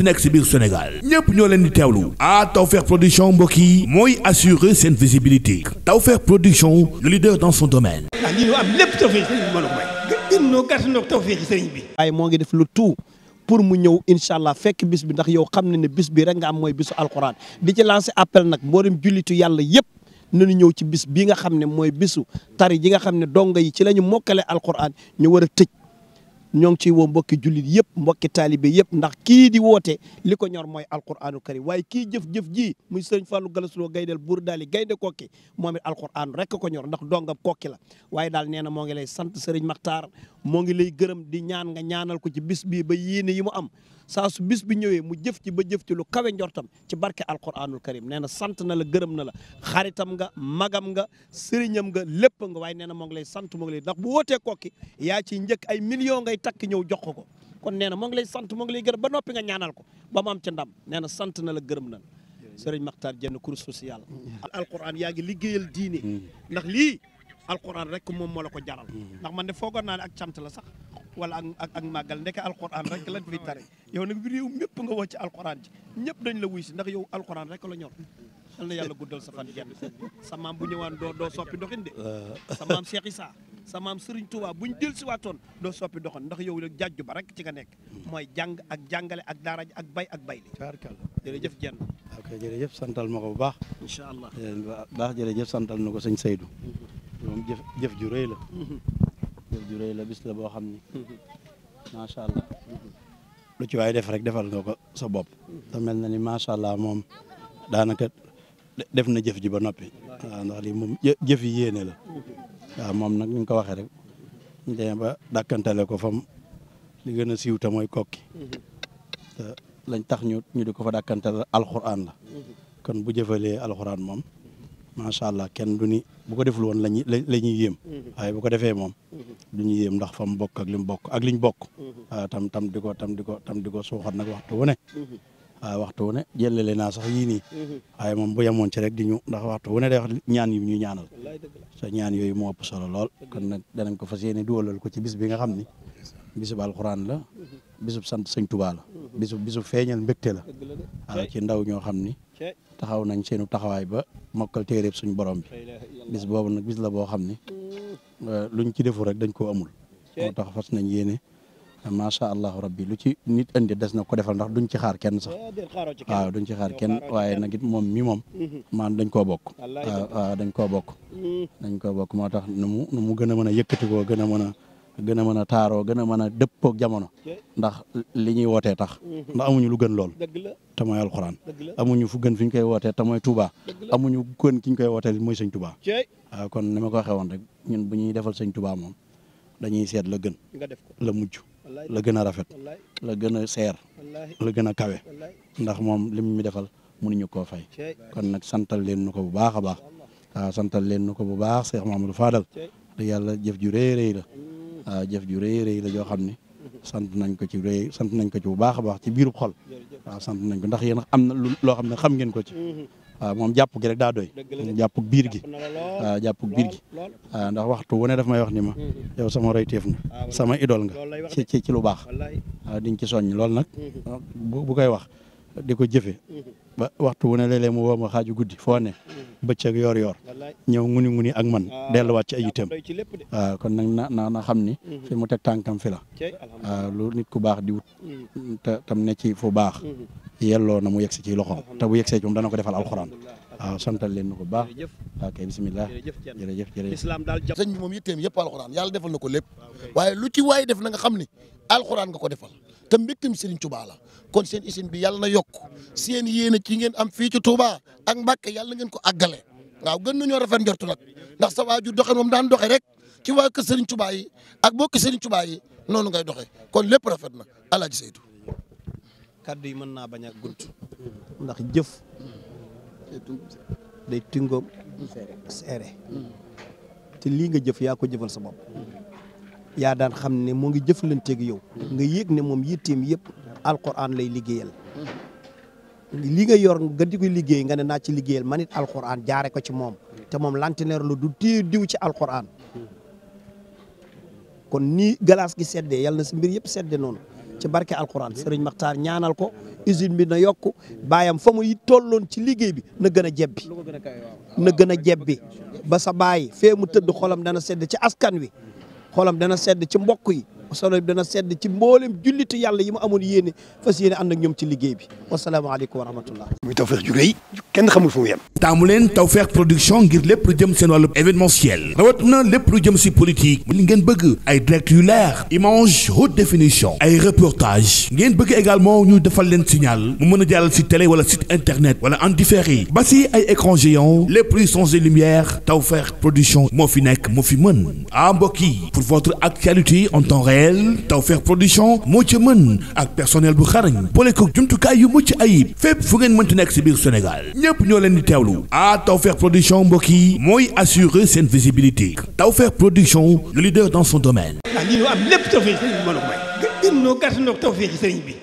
mënti nekk si biir Sénégal ñëpp ñoo leen di teewlu ah Tawfekh production mbokk yi mooy assurer seen visibilité Tawfekh production le leader dans son domaine. ah lii ñu am lépp Tawfekh sëriñ bi a may. gën ñoo gàtt ñoo Tawfekh sëriñ bi. waaye moo ngi def lu tout. pour mu ñëw incha fekk bis bi ndax yow xam na ne bis bi rek nga am mooy bisu alxuraan di ci lancé appel nag mboolem jullitu yàlla yëpp nañu ñëw ci bis bi nga xam ne mooy bisu tari ji nga xam ne donga yi ci la mokkale alxuraan ñu war a ñoo ngi ciy woo mbokki jullit yëpp mbokki taalibe yëpp ndax kii di woote li ko ñor mooy alquraanu karim waaye kii jëf-jëf ji muy sëriñ Fallou Galasloo gaydel buur daal daali gaynde kokki moom it alquraan rek ko ñor ndax dongam kokki la waaye daal nee na moo ngi lay sant sëriñ Maxtaar moo ngi lay gërëm di ñaan nga ñaanal ko ci bis bii ba yéene yi mu am saa su bis bi ñëwee mu jëf ci ba jëf ci lu kawe njortam ci barke alquranul karim nee na sant na la gërëm na la xaritam nga magam nga sëriñam nga lépp nga waaye nee na moo ngi lay sant moo lay ndax bu wootee kokki yaa ciy njëkk ay millions ngay takk ñëw jox ko kon nee na moo ngi lay sant moo ngi gërëm ba noppi nga ñaanal ko ba mu am ca ndam nee na sant na la gërëm na la sëriñ Maxtaar Jenn cours social mm. alquran rek moom moo la ko jaral hmm. ndax man de foogoon naa ak cant la sax wala ak ak ak màggal ndeke alquran rek lañ fiy tare yow nag réew mépp nga woo ci alquran ci ñëpp dañ la wuy si ndax yow alquran rek la ñor yal na yàlla guddal sa fan genn sa maam bu ñëwaan doo doo soppi doxin de sa maam Cheikh Issa sa maam Serigne Touba buñ del si waatoon doo soppi doxin ndax yow nag jàjju ba rek ci nga nekk hmm. mooy jàng ak jàngale ak daara ak bay ak bay li jërëjëf genn ok jërëjëf santal ma ko bu baax incha allah eh, baax jërëjëf santal na ko sëñ Seydou hmm. jëf jëf ju rëy la mm-hmm. ju rëy la bis la boo xam ni mm-hmm. macha allah mm-hmm. lu ci waay def rek defal nga ko sa bopp mel na ni macha allah moom daanaka def na jëf ji ba noppi waaw ndax li moom jëf yi yéene la waaw moom nag ni nga ko waxee rek ñu ba dakkantale ko fam li gën a siiw te mooy kokki lañ tax ñu ñu di ko fa dàkkantale alxuraan la kon bu jëfalee alxuraan moom macha allah kenn du ni bu ko deful woon lañuy la ñuy yéem mm-hmm. waaye bu ko defee moom mm-hmm. du ñu yéem ndax fa mu bokk ak li mu bokk ak liñ bokk mm-hmm. tam tam di ko tam di ko tam di ko suuxat nag waxtu wu ne waaw waxtu wu ne jëlale naa sax yii nii waaye moom bu yemoon ci rek di ñu ndax waxtu wu ne day wax ñaan yi ñu ñaanal sa ñaan yooyu moo ëpp solo lool kon nag danañ ko fa yéene duwalal ko ci bis bi nga xam ni bisu alxuraan la bisub sant sëñ tubaa la bisu bisu feeñal mbégte la waaw ci ndaw ñoo xam ni taxaw nañ seenu taxawaay ba mokkal téeréb suñu borom bi bis boobu nag bis la boo xam ni mm. euh, luñ ci defu rek dañ koo amul moo fas nañ yéene macha allah rabbi lu ci nit indi des na ko defal ndax duñ ci xaar kenn sax eh, waaw duñ ci xaar kenn waaye nag it moom mi moom maan mm-hmm. dañ koo bokk waaw dañ koo bokk mm. dañ koo bokk moo tax nu mu nu mu gën a mën a yëkkati koo gën a mën a gën a mën a taaroo gën a mën a dëppoog jamono ndax li ñuy wootee tax mhm. ndax amuñu lu gën lool te mooy alxuraan amuñu fu gën fu ñu koy wootee te mooy Touba amuñu gën ki ñu koy wootee mooy sañ Touba waaw kon ni ma ko waxee woon rek ñun bu ñuy defal sañ Touba moom dañuy seet la gën la mujj la gën a rafet la gën a seer la gën a kawe ndax moom lim mi defal mënuñu koo fay kon nag santal leen nu ko bu baax a baax waaw santal leen nu ko bu baax Cheikh Mamadou lu te yàlla jëf ju rëy rëy la waaw ah, jëf ju rëy rëy la joo xam ne sant nañ ko ci rëy sant nañ ko ci bu baax a baax ci biirub xol waaw ah, sant nañ ko ndax yéen am na loo xam ne xam ngeen ko ci waaw mm-hmm. ah, moom jàpp gi rek daa doy jàpp biir gi waaw jàpp biir gi waaw ndax waxtu wu ne daf may wax ni ma mm-hmm. yow sama royteef nga sama idol nga ci lu baax waaw diñ ci soññ lool nag mm-hmm. bu koy wax di ko jëfe ba waxtu wu ne léeg-léeg mu woo ma xaaju guddi foo ba bëccëg yor-yor ñëw nguni nguni ak man ah, delluwaat ci ay itam waaw kon nag na na na xam ni mhm. fi mu teg tànkam fi la ah, lu nit ku baax di wut mhm. tam ne ci fu baax mhm. yelloo na mu yegsi ci loxoom te bu yegsee ci moom dana ko defal alxuraan waaw santal leen na ko baax waaw kay bisimilah jërëjëf jërëjëf sëñ bi moom yitteem yëpp alxuraan yàlla defal na ko lépp ah, waaye lu ci waay def na nga xam ni alxuraan nga ko defal te mbégtam Serigne Touba la kon seen usine bi yàlla na yokk seen yéene ci ngeen am fii ci Touba ak Mbàkke yàlla na ngeen ko àggale waaw gën nañoo rafet njortu nag ndax sa waajur doxe moom daan doxe rek ci waa kër Serigne Touba yi ak bokk Serigne Touba yi noonu ngay doxe kon lépp rafet na alaaji Seydou kaddu yi mën naa bañ a gudd ndax jëf day tingoom seere te lii nga jëf yaa ko jëfal sa bopp yaa daan xam ne mu ngi jëflanteeg yow nga yëg ne moom yitteem yëpp alquran lay liggéeyal lii nga yor nga di ko liggéey nga ne naa ci liggéeyal man it alquran jaare ko ci moom te moom lanteneer la du téye diw ci alquran kon nii galaas gi seddee yàlla na si mbir yëpp sedde noonu ci barke alquran sëriñ Maxtaar ñaanal ko usine bi na yokk baayam fa mu tolloon ci liggéey bi na gën a jebbi na gën a jebbi ba sa baay fee mu tëdd xolam dana sedd ci askan wi xolam dana sedd ci mbokk yi solo bi dana sedd ci mboolem julliti yàlla yi mu amoon yéene fas yéene ànd ak ñoom ci liggéey bi wasalaamaaleykum wa rahmatullah muy Tawfekh ju rëy kenn xamul fu mu yem taamu leen Tawfekh production ngir lépp lu jëm seen wàllu événementiel rawat na lépp lu jëm si politique li ngeen bëgg ay direct yu leer image haute définition ay reportage ngeen bëgg également ñu defal leen signal mu mën a jàllal si télé wala site internet wala en différé ba si ay écran géant lépp luy son et lumière Tawfekh moo fi nekk moo fi mën ah, teel Tawfekh production moo ci mën ak personel bu xarañ boole ko jumtukaay yu mucc ayib fépp fu ngeen mënti nekk si biir Sénégal ñépp ñoo leen di teewlu ah Tawfekh production mbokk yi mooy assurer seen visibilité Tawfekh production le leader dans son domaine. Ah, am lépp Tawfekh sëriñ bi mën a may. gën noo gàtt